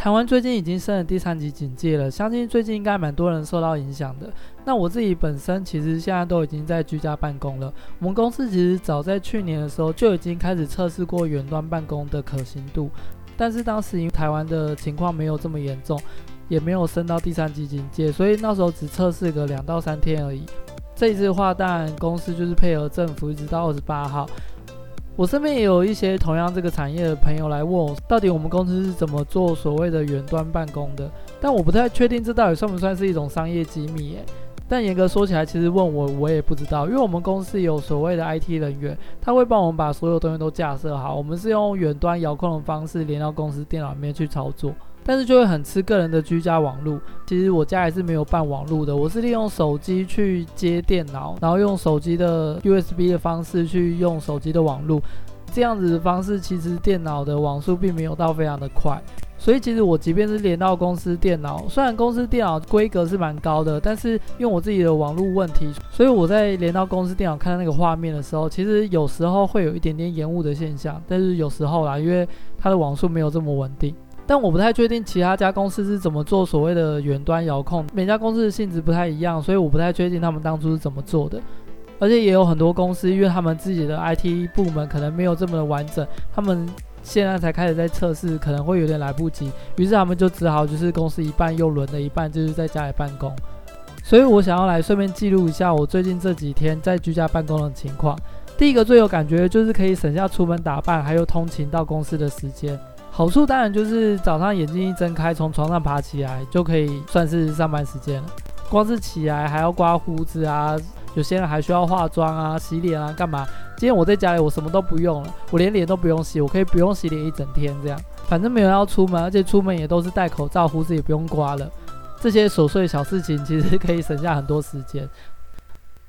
台灣最近已經升了第三級警戒了，相信最近應該蠻多人受到影響的。那我自己本身其實現在都已經在居家辦公了。我們公司其實早在去年的時候就已經開始測試過遠端辦公的可行度。但是當時因為台灣的情況沒有這麼嚴重，也沒有升到第三級警戒，所以那時候只測試個兩到三天而已。這一次的話，當然公司就是配合政府，一直到二十八號。我身邊也有一些同樣這個產業的朋友來問我，到底我們公司是怎麼做所謂的遠端辦公的？但我不太確定這到底算不算是一種商業機密耶？但嚴格說起來，其實問我我也不知道，因為我們公司有所謂的 IT 人員，他會幫我們把所有東西都架設好，我們是用遠端遙控的方式連到公司電腦裡面去操作。但是就會很吃個人的居家網絡。其實我家還是沒有辦網絡的，我是利用手機去接電腦，然後用手機的 USB 的方式去用手機的網絡。這樣子的方式，其實電腦的網速並沒有到非常的快。所以其實我即便是連到公司電腦，雖然公司電腦規格是蠻高的，但是用我自己的網絡問題，所以我在連到公司電腦看那個畫面的時候，其實有時候會有一點點延誤的現象。但是有時候啦，因為它的網速沒有這麼穩定。但我不太確定其他家公司是怎麼做所謂的遠端遙控，每家公司的性質不太一樣，所以我不太確定他們當初是怎麼做的。而且也有很多公司，因為他們自己的 IT 部門可能沒有這麼的完整，他們現在才開始在測試，可能會有點來不及，於是他們就只好就是公司一半又輪了一半，就是在家裡辦公。所以我想要來順便記錄一下我最近這幾天在居家辦公的情況。第一個最有感覺就是可以省下出門打扮還有通勤到公司的時間。好處當然就是早上眼睛一睜開，從床上爬起來就可以算是上班時間了。光是起來還要刮鬍子啊，有些人還需要化妝啊、洗臉啊，幹嘛？今天我在家裡，我什麼都不用了，我連臉都不用洗，我可以不用洗臉一整天這樣。反正沒有要出門，而且出門也都是戴口罩，鬍子也不用刮了。這些瑣碎的小事情其實可以省下很多時間。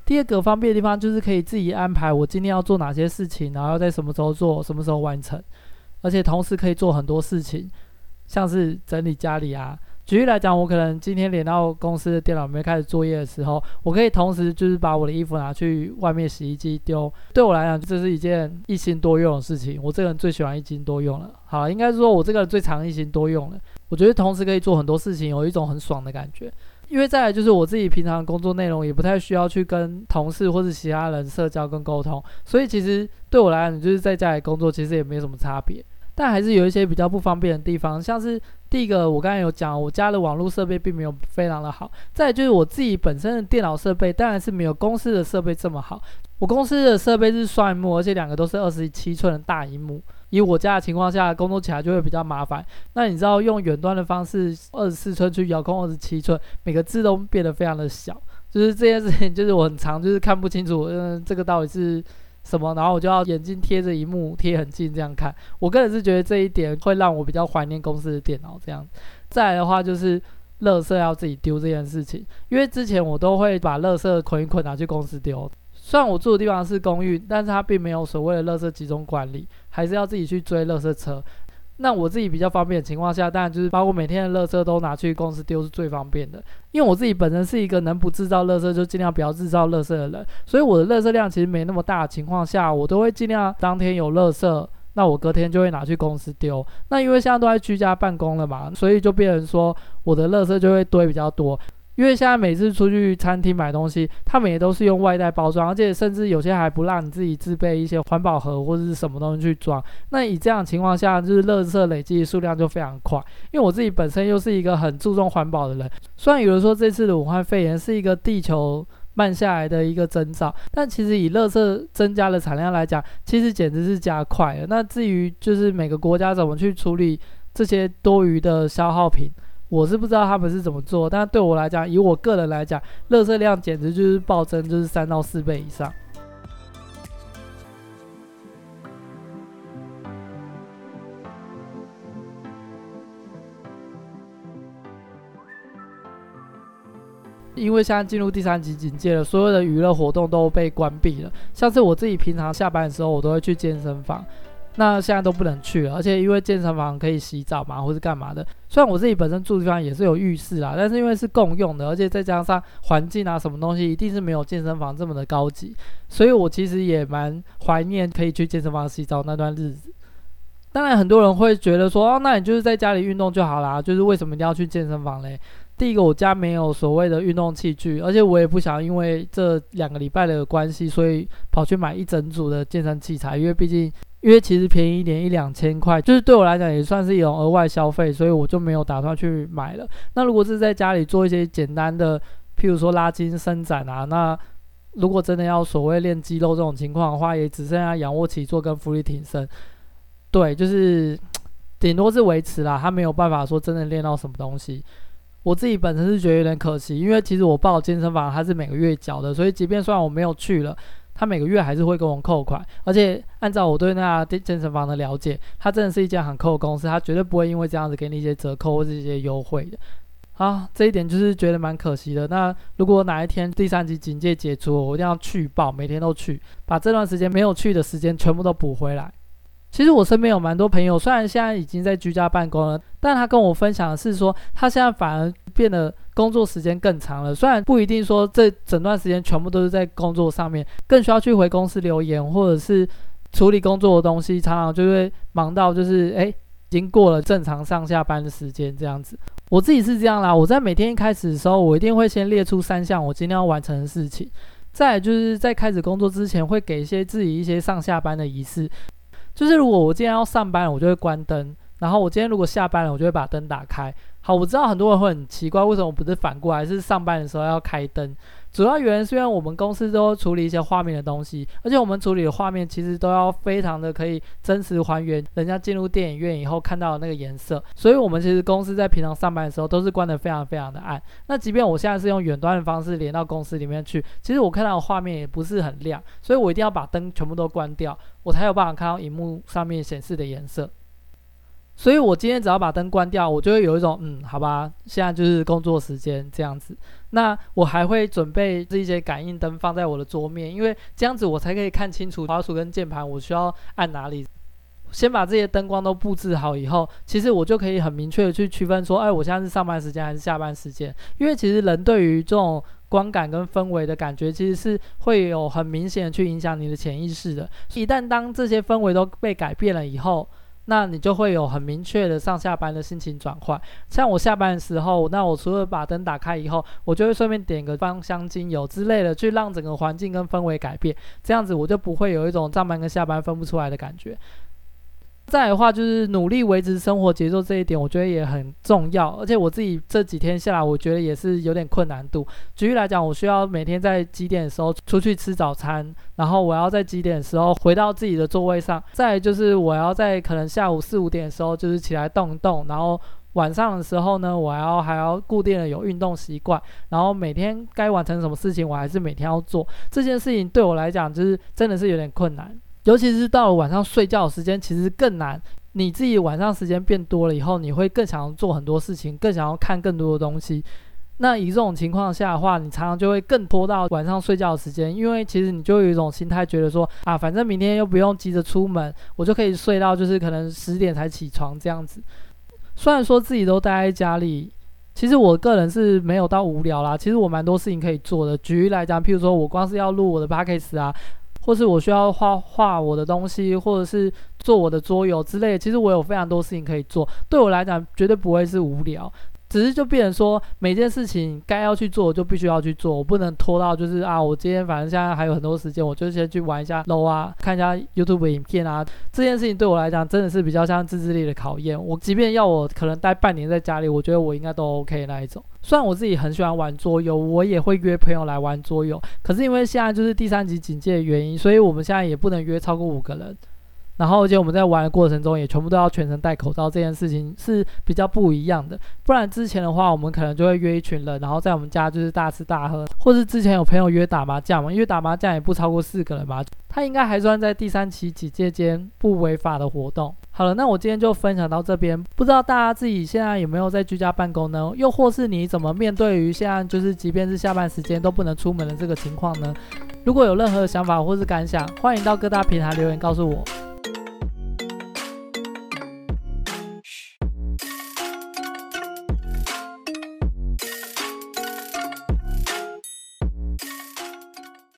第二個方便的地方就是可以自己安排我今天要做哪些事情，然後要在什麼時候做，什麼時候完成。而且同時可以做很多事情，像是整理家裡啊。舉例來講，我可能今天連到公司的電腦沒開始作業的時候，我可以同時就是把我的衣服拿去外面洗衣機丟。對我來講，這是一件一心多用的事情。我這個人最喜歡一心多用了。好，應該說，我這個人最常一心多用了。我覺得同時可以做很多事情，有一種很爽的感覺。因為再來就是我自己平常的工作內容也不太需要去跟同事或是其他人社交跟溝通，所以其實對我來講，就是在家裡工作其實也沒什麼差別。那還是有一些比較不方便的地方，像是第一個，我剛才有講，我家的網絡設備並沒有非常的好。再就是我自己本身的電腦設備，當然是沒有公司的設備這麼好。我公司的設備是雙螢幕，而且兩個都是二十七寸的大熒幕。以我家的情況下，工作起來就會比較麻煩。那你知道，用遠端的方式，二十四寸去遙控二十七寸，每個字都變得非常的小，就是這件事情，就是我很常就是看不清楚，嗯，這個到底是。什麼？然後我就要眼睛貼着螢幕，貼很近這樣看。我個人是覺得這一點會讓我比較懷念公司的電腦這樣。再來的話就是，垃圾要自己丟這件事情，因為之前我都會把垃圾捆一捆拿去公司丟。雖然我住的地方是公寓，但是它並沒有所謂的垃圾集中管理，還是要自己去追垃圾車。那我自己比較方便的情況下，當然就是把我每天的垃圾都拿去公司丟是最方便的。因為我自己本身是一個能不制造垃圾就盡量不要制造垃圾的人，所以我的垃圾量其實沒那麼大的情況下，我都會盡量當天有垃圾，那我隔天就會拿去公司丟。那因為現在都在居家辦公了嘛，所以就變成說我的垃圾就會堆比較多。因為現在每次出去餐廳買東西，他們也都是用外帶包裝，而且甚至有些還不讓你自己自備一些環保盒或者是什麼東西去裝。那以這樣的情況下，就是垃圾累積數量就非常快。因為我自己本身又是一個很注重環保的人，雖然有人說這次的武漢肺炎是一個地球慢下來的一個徵兆，但其實以垃圾增加的產量來講，其實簡直是加快了。那至於就是每個國家怎麼去處理這些多餘的消耗品。我是不知道他們是怎麼做，但對我來講，以我個人來講，垃圾量簡直就是暴增，就是三到四倍以上。因為現在進入第三級警戒了，所有的娛樂活動都被關閉了。像是我自己平常下班的時候，我都會去健身房。那現在都不能去了，而且因為健身房可以洗澡嘛，或是幹嘛的。雖然我自己本身住的地方也是有浴室啦，但是因為是共用的，而且再加上環境啊什麼東西，一定是沒有健身房這麼的高級。所以我其實也蠻懷念可以去健身房洗澡那段日子。當然，很多人會覺得說：“哦，那你就是在家裡運動就好啦，就是為什麼一定要去健身房嘞？”第一個，我家沒有所謂的運動器具，而且我也不想因為這兩個禮拜的關係，所以跑去買一整組的健身器材，因為畢竟。因為其實便宜一點一兩千塊，就是對我來講也算是一種額外消費，所以我就沒有打算去買了。那如果是在家裡做一些簡單的，譬如說拉筋、伸展啊，那如果真的要所謂練肌肉這種情況的話，也只剩下仰臥起坐跟伏地挺身。對，就是頂多是維持啦，他沒有辦法說真的練到什麼東西。我自己本身是覺得有點可惜，因為其實我報健身房他是每個月繳的，所以即便算我沒有去了。他每個月還是會給我們扣款，而且按照我對那健身房的了解，他真的是一家很摳的公司，他絕對不會因為這樣子給你一些折扣或是一些優惠的。啊，這一點就是覺得蠻可惜的。那如果哪一天第三級警戒解除我，我一定要去報，每天都去，把這段時間沒有去的時間全部都補回來。其實我身邊有蠻多朋友，雖然現在已經在居家辦公了，但他跟我分享的是說，他現在反而變得工作時間更長了。雖然不一定說這整段時間全部都是在工作上面，更需要去回公司留言或者是處理工作的東西，常常就會忙到就是，誒，已經過了正常上下班的時間，這樣子。我自己是這樣啦，我在每天一開始的時候，我一定會先列出三項我今天要完成的事情，再就是在開始工作之前，會給一些自己一些上下班的儀式。就是如果我今天要上班了，我就會關燈；然後我今天如果下班了，我就會把燈打開。好，我知道很多人會很奇怪，為什麼我不是反過來，是上班的時候要開燈？主要原因是因為我們公司都處理一些畫面的東西，而且我們處理的畫面其實都要非常的可以真實還原人家進入電影院以後看到的那個顏色。所以，我們其實公司在平常上班的時候都是關得非常非常的暗。那即便我現在是用遠端的方式連到公司裡面去，其實我看到的畫面也不是很亮，所以我一定要把燈全部都關掉，我才有辦法看到熒幕上面顯示的顏色。所以，我今天只要把燈關掉，我就會有一種嗯，好吧，現在就是工作時間這樣子。那我還會準備一些感應燈放在我的桌面，因為這樣子我才可以看清楚滑鼠跟鍵盤，我需要按哪裡。先把這些燈光都布置好以後，其實我就可以很明確的去區分說，哎，我現在是上班時間還是下班時間？因為其實人對於這種光感跟氛圍的感覺，其實是會有很明顯的去影響你的潛意識的。一旦當這些氛圍都被改變了以後，那你就會有很明確的上下班的心情轉換。像我下班的時候，那我除了把燈打開以後，我就會順便點個芳香精油之類的，去讓整個環境跟氛圍改變。這樣子我就不會有一種上班跟下班分不出來的感覺。再來的話，就是努力維持生活節奏這一點，我覺得也很重要。而且我自己這幾天下來，我覺得也是有點困難度。舉例來講，我需要每天在幾點的時候出去吃早餐，然後我要在幾點的時候回到自己的座位上。再就是，我要在可能下午四五點的時候就是起來動一動，然後晚上的時候呢，我還要還要固定的有運動習慣。然後每天該完成什麼事情，我還是每天要做這件事情，對我來講就是真的是有點困難。尤其是到了晚上睡覺的時間，其實更難。你自己晚上時間變多了以後，你會更想要做很多事情，更想要看更多的東西。那以這種情況下的話，你常常就會更拖到晚上睡覺的時間，因為其實你就有一種心態，覺得說啊，反正明天又不用急着出門，我就可以睡到就是可能十點才起床這樣子。雖然說自己都待在家裡，其實我個人是沒有到無聊啦。其實我蠻多事情可以做的。舉例來講，譬如說我光是要錄我的 podcast 啊。或是我需要畫畫我的東西，或者是做我的桌遊之類的，其實我有非常多事情可以做，對我來講絕對不會是無聊。只是就變成說，每件事情該要去做，就必須要去做，我不能拖到就是啊，我今天反正現在還有很多時間，我就先去玩一下 low 啊，看一下 YouTube 影片啊。這件事情對我來講，真的是比較像自制力的考驗。我即便要我可能待半年在家裡，我覺得我應該都 OK 那一種。雖然我自己很喜歡玩桌遊，我也會約朋友來玩桌遊，可是因為現在就是第三級警戒的原因，所以我們現在也不能約超過五個人。然後而且我們在玩的過程中，也全部都要全程戴口罩，這件事情是比較不一樣的。不然之前的話，我們可能就會約一群人，然後在我們家就是大吃大喝，或是之前有朋友約打麻將嘛，因為打麻將也不超過四個人嘛，他應該還算在第三級警戒期間不違法的活動。好了，那我今天就分享到這邊。不知道大家自己現在有沒有在居家辦公呢？又或是你怎麼面對於現在就是即便是下班時間都不能出門的這個情況呢？如果有任何的想法或是感想，歡迎到各大平台留言告訴我。